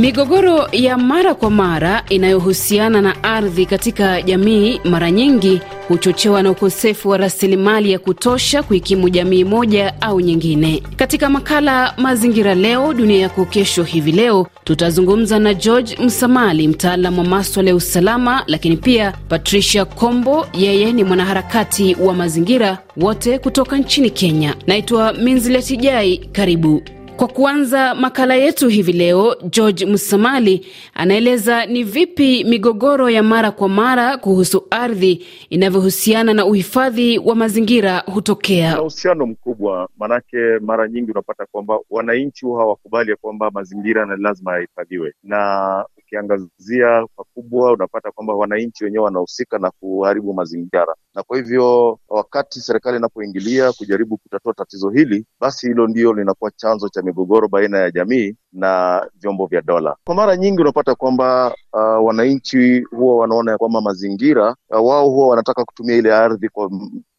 Migogoro ya mara kwa mara inayohusiana na ardhi katika jamii mara nyingi huchochewa na ukosefu wa rasilimali ya kutosha kuikimu jamii moja au nyingine. Katika makala Mazingira Leo Dunia Yako Kesho, hivi leo tutazungumza na George Msamali, mtaalamu wa maswala ya usalama, lakini pia Patricia Kombo, yeye ni mwanaharakati wa mazingira, wote kutoka nchini Kenya. Naitwa minzletijai karibu. Kwa kuanza makala yetu hivi leo, George Musamali anaeleza ni vipi migogoro ya mara kwa mara kuhusu ardhi inavyohusiana na uhifadhi wa mazingira hutokea. Na uhusiano mkubwa, maanake mara nyingi unapata kwamba wananchi hawakubali ya kwamba mazingira na lazima yahifadhiwe na ukiangazia pakubwa, unapata kwamba wananchi wenyewe wanahusika na kuharibu mazingira, na kwa hivyo wakati serikali inapoingilia kujaribu kutatua tatizo hili, basi hilo ndio linakuwa chanzo cha migogoro baina ya jamii na vyombo vya dola. Kwa mara nyingi unapata kwamba uh, wananchi huwa wanaona ya kwamba mazingira uh, wao huwa wanataka kutumia ile ardhi kwa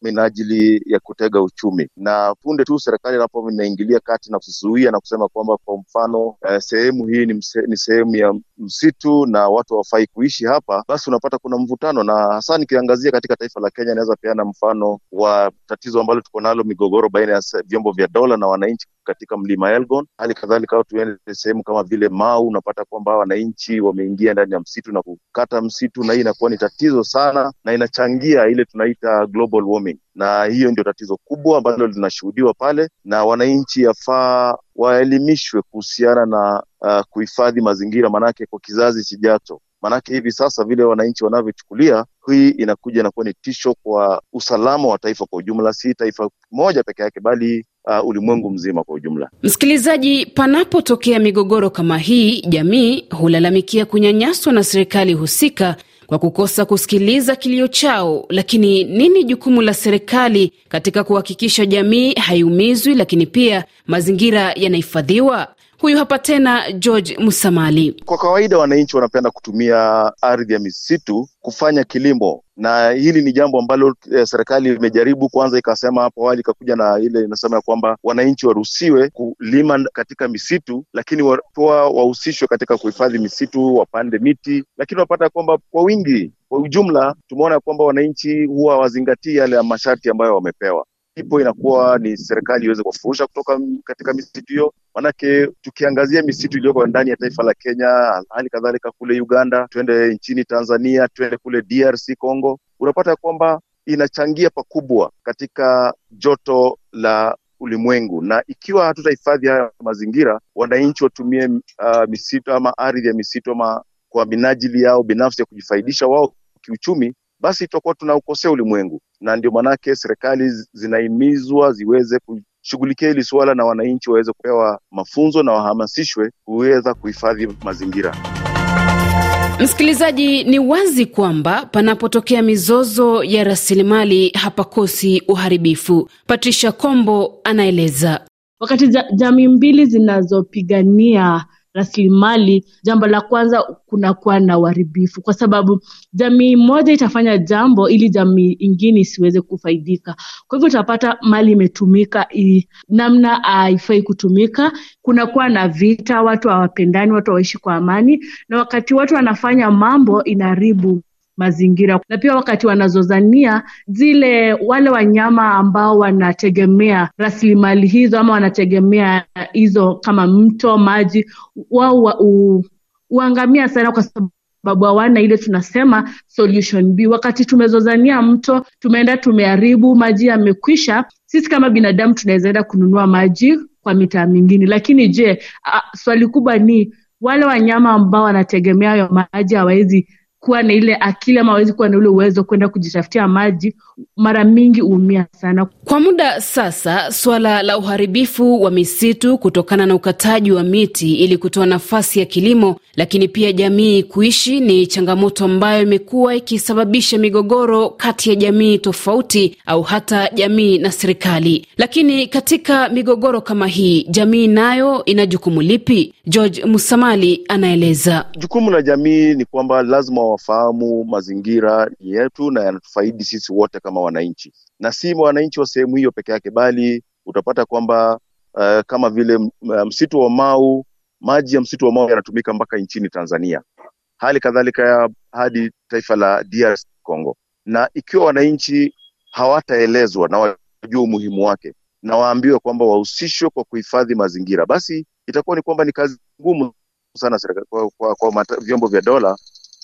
minajili ya kutega uchumi, na punde tu serikali inapo inaingilia kati na kuzuia na kusema kwamba kwa mfano uh, sehemu hii ni, mse, ni sehemu ya msitu na watu hawafai kuishi hapa, basi unapata kuna mvutano, na hasa nikiangazia katika taifa la Kenya, inaweza peana mfano wa tatizo ambalo tuko nalo, migogoro baina ya vyombo vya dola na wananchi katika mlima Elgon. Hali kadhalika au tuende yaani sehemu kama vile Mau, unapata kwamba wananchi wameingia ndani ya msitu na kukata msitu, na hii inakuwa ni tatizo sana na inachangia ile tunaita global warming, na hiyo ndio tatizo kubwa ambalo linashuhudiwa pale, na wananchi yafaa waelimishwe kuhusiana na uh, kuhifadhi mazingira, maanake kwa kizazi kijacho Maanake hivi sasa vile wananchi wanavyochukulia hii inakuja inakuwa ni tisho kwa usalama wa taifa kwa ujumla, si taifa moja peke yake, bali uh, ulimwengu mzima kwa ujumla. Msikilizaji, panapotokea migogoro kama hii, jamii hulalamikia kunyanyaswa na serikali husika kwa kukosa kusikiliza kilio chao. Lakini nini jukumu la serikali katika kuhakikisha jamii haiumizwi, lakini pia mazingira yanahifadhiwa? Huyu hapa tena George Musamali. Kwa kawaida wananchi wanapenda kutumia ardhi ya misitu kufanya kilimo na hili ni jambo ambalo eh, serikali imejaribu kwanza, ikasema hapo awali ikakuja na ile inasema ya kwamba wananchi waruhusiwe kulima katika misitu, lakini watoa wahusishwe katika kuhifadhi misitu, wapande miti, lakini wanapata kwamba kwa wingi kwa ujumla tumeona ya kwamba wananchi huwa hawazingatii yale ya masharti ambayo wamepewa ndipo inakuwa ni serikali iweze kuwafurusha kutoka katika misitu hiyo. manake tukiangazia misitu iliyoko ndani ya taifa la Kenya, hali kadhalika kule Uganda, tuende nchini Tanzania, tuende kule DRC Congo, unapata kwamba inachangia pakubwa katika joto la ulimwengu na ikiwa hatutahifadhi haya mazingira, wananchi watumie uh, misitu ama ardhi ya misitu ama kwa minajili yao binafsi ya kujifaidisha wao kiuchumi, basi tutakuwa tunaukosea ulimwengu, na ndio maanake serikali zinahimizwa ziweze kushughulikia hili suala na wananchi waweze kupewa mafunzo na wahamasishwe kuweza kuhifadhi mazingira. Msikilizaji, ni wazi kwamba panapotokea mizozo ya rasilimali hapakosi uharibifu. Patricia Kombo anaeleza. Wakati jamii mbili zinazopigania rasilimali, jambo la kwanza kunakuwa na uharibifu, kwa sababu jamii moja itafanya jambo ili jamii ingine isiweze kufaidika. Kwa hivyo utapata mali imetumika i, namna haifai kutumika, kunakuwa na vita, watu hawapendani, watu hawaishi kwa amani, na wakati watu wanafanya mambo inaharibu mazingira, na pia wakati wanazozania zile wale wanyama ambao wanategemea rasilimali hizo ama wanategemea hizo kama mto, maji, wao huangamia sana kwa sababu hawana ile tunasema solution B. Wakati tumezozania mto, tumeenda tumeharibu, maji yamekwisha, sisi kama binadamu tunaweza kununua maji kwa mitaa mingine, lakini je, a, swali kubwa ni wale wanyama ambao wanategemea hayo maji hawawezi kuwa na ile akili ama hawezi kuwa na ule uwezo kwenda kujitafutia maji, mara mingi huumia sana. Kwa muda sasa, suala la uharibifu wa misitu kutokana na ukataji wa miti ili kutoa nafasi ya kilimo, lakini pia jamii kuishi, ni changamoto ambayo imekuwa ikisababisha migogoro kati ya jamii tofauti au hata jamii na serikali. Lakini katika migogoro kama hii, jamii nayo ina jukumu lipi? George Musamali anaeleza. Jukumu la jamii ni kwamba lazima wafahamu mazingira ni yetu na yanatufaidi sisi wote kama wananchi, na si wananchi wa sehemu hiyo peke yake, bali utapata kwamba uh, kama vile eh, msitu wa Mau, maji ya msitu wa Mau yanatumika mpaka nchini Tanzania, hali kadhalika hadi taifa la DRC Congo. Na ikiwa wananchi hawataelezwa na wajua umuhimu wake na waambiwe kwamba wahusishwe kwa kuhifadhi mazingira, basi itakuwa ni kwamba ni kazi ngumu sana kwa, kwa, kwa mata, vyombo vya dola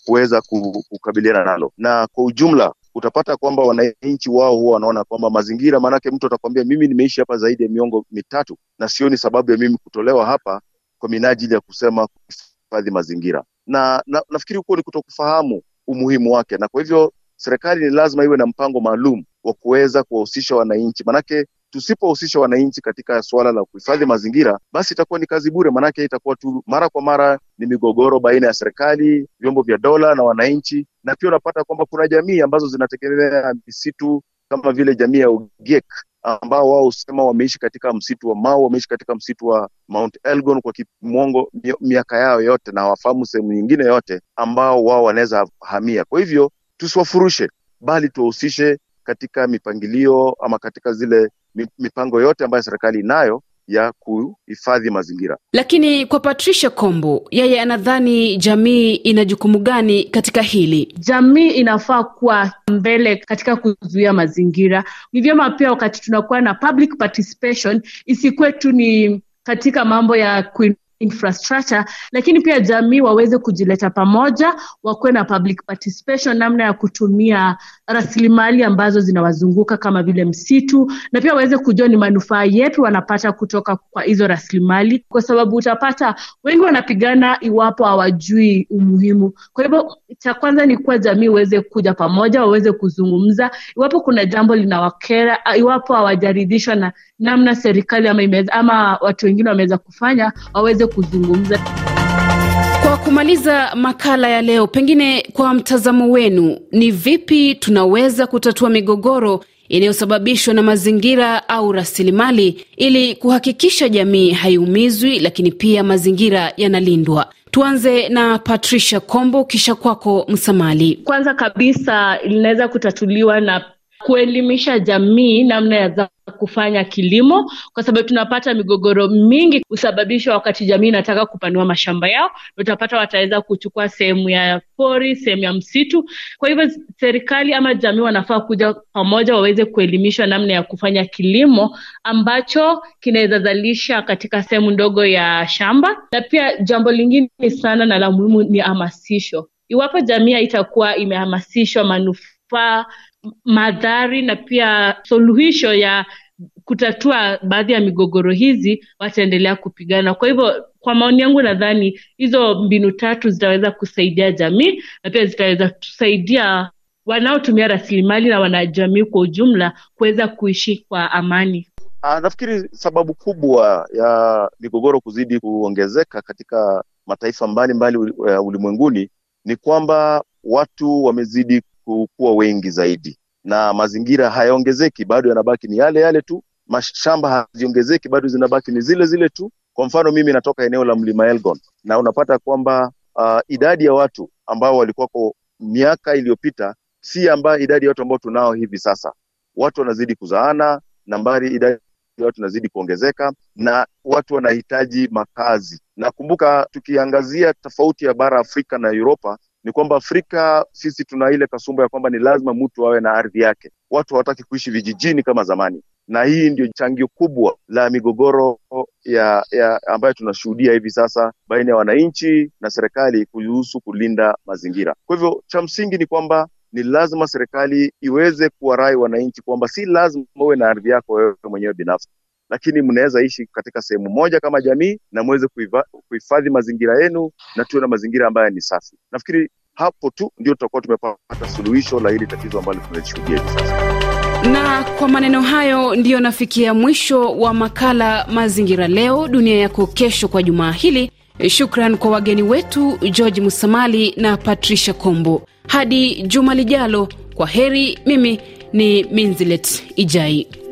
kuweza kukabiliana nalo, na kwa ujumla utapata kwamba wananchi wao huwa wanaona kwamba mazingira, maanake mtu atakwambia mimi nimeishi hapa zaidi ya miongo mitatu na sioni sababu ya mimi kutolewa hapa kwa minajili ya kusema kuhifadhi mazingira, na, na nafikiri huko ni kutokufahamu umuhimu wake, na kwa hivyo serikali ni lazima iwe na mpango maalum wa kuweza kuwahusisha wananchi, maanake Tusipowahusisha wananchi katika suala la kuhifadhi mazingira, basi itakuwa ni kazi bure, maanake itakuwa tu mara kwa mara ni migogoro baina ya serikali, vyombo vya dola na wananchi, na pia unapata kwamba kuna jamii ambazo zinategemea misitu kama vile jamii ya Ugiek ambao wao husema wameishi katika msitu wa Mau, wameishi katika msitu wa Mount Elgon kwa kimwongo miaka yao yote, na wafahamu sehemu nyingine yote ambao wao wanaweza hamia. Kwa hivyo tusiwafurushe, bali tuwahusishe katika mipangilio ama katika zile mipango yote ambayo serikali inayo ya kuhifadhi mazingira. Lakini kwa Patricia Kombo, yeye anadhani jamii ina jukumu gani katika hili? Jamii inafaa kuwa mbele katika kuzuia mazingira. Ni vyema pia wakati tunakuwa na public participation isikuwe tu ni katika mambo ya kuin infrastructure lakini pia jamii waweze kujileta pamoja wakuwe na public participation namna ya kutumia rasilimali ambazo zinawazunguka kama vile msitu na pia waweze kujua ni manufaa yepi wanapata kutoka kwa hizo rasilimali kwa sababu utapata wengi wanapigana iwapo hawajui umuhimu kwa hivyo cha kwanza ni kuwa jamii iweze kuja pamoja waweze kuzungumza iwapo kuna jambo linawakera iwapo hawajaridhishwa na namna serikali ama, imeza, ama watu wengine wameweza kufanya waweze kuzungumza. Kwa kumaliza makala ya leo, pengine kwa mtazamo wenu, ni vipi tunaweza kutatua migogoro inayosababishwa na mazingira au rasilimali ili kuhakikisha jamii haiumizwi, lakini pia mazingira yanalindwa? Tuanze na Patricia Kombo, kisha kwako Msamali. Kwanza kabisa linaweza kutatuliwa na kuelimisha jamii namna ya kufanya kilimo kwa sababu tunapata migogoro mingi husababishwa wakati jamii inataka kupanua mashamba yao, na utapata wataweza kuchukua sehemu ya pori, sehemu ya msitu. Kwa hivyo serikali ama jamii wanafaa kuja pamoja, waweze kuelimishwa namna ya kufanya kilimo ambacho kinaweza zalisha katika sehemu ndogo ya shamba. Na pia jambo lingine sana na la muhimu ni hamasisho. Iwapo jamii itakuwa imehamasishwa manufaa madhari na pia suluhisho ya kutatua baadhi ya migogoro hizi, wataendelea kupigana. Kwa hivyo, kwa maoni yangu, nadhani hizo mbinu tatu zitaweza kusaidia jamii na pia zitaweza kusaidia wanaotumia rasilimali na wanajamii kwa ujumla kuweza kuishi kwa amani. Aa, ah, nafikiri sababu kubwa ya migogoro kuzidi kuongezeka katika mataifa mbalimbali mbali ulimwenguni ni kwamba watu wamezidi kuwa wengi zaidi, na mazingira hayaongezeki, bado yanabaki ni yale yale tu. Mashamba haziongezeki, bado zinabaki ni zile zile tu. Kwa mfano mimi natoka eneo la mlima Elgon na unapata kwamba uh, idadi ya watu ambao walikuwako miaka iliyopita si ambayo idadi ya watu ambao tunao hivi sasa. Watu wanazidi kuzaana, nambari idadi ya watu inazidi kuongezeka na watu wanahitaji makazi. Nakumbuka tukiangazia tofauti ya bara Afrika na Uropa, ni kwamba Afrika sisi tuna ile kasumba ya kwamba ni lazima mtu awe na ardhi yake. Watu hawataki kuishi vijijini kama zamani, na hii ndio changio kubwa la migogoro ya, ya ambayo tunashuhudia hivi sasa baina ya wananchi na serikali kuhusu kulinda mazingira. Kwa hivyo cha msingi ni kwamba ni lazima serikali iweze kuwarai wananchi kwamba si lazima uwe na ardhi yako wewe mwenyewe binafsi lakini mnaweza ishi katika sehemu moja kama jamii na mweze kuhifadhi mazingira yenu na tuwe na mazingira ambayo ni safi. Nafikiri hapo tu ndio tutakuwa tumepata suluhisho la hili tatizo ambalo tunalishuhudia hivi sasa. Na kwa maneno hayo ndiyo nafikia mwisho wa makala Mazingira Leo Dunia Yako Kesho kwa jumaa hili. Shukran kwa wageni wetu George Musamali na Patricia Kombo. Hadi juma lijalo, kwa heri. Mimi ni Minzilet Ijai.